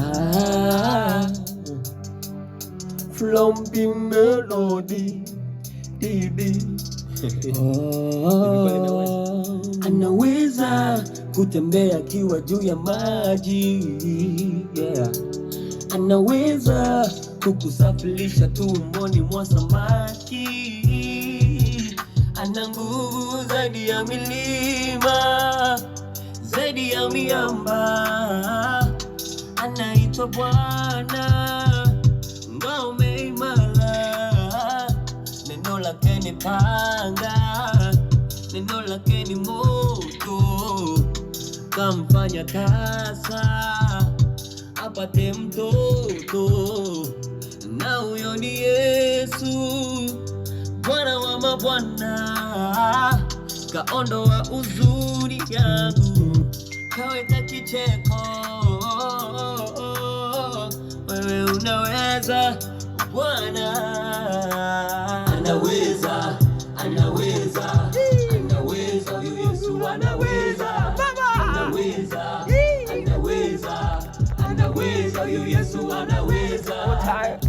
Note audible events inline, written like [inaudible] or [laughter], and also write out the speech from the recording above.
Ah, [laughs] anaweza kutembea akiwa juu ya maji yeah. Anaweza kukusafirisha tu tumboni mwa samaki. Ana nguvu zaidi ya milima, zaidi ya miamba Bwana ambao umeimara, neno lake ni panga, neno lake ni moto, kamfanya tasa apate mtoto, na huyo ni Yesu Bwana wa mabwana, kaondoa huzuni yangu, kaweka kicheko Unaweza Bwana, anaweza, anaweza, anaweza, huyu Yesu anaweza, anaweza, anaweza, anaweza, huyu Yesu anaweza.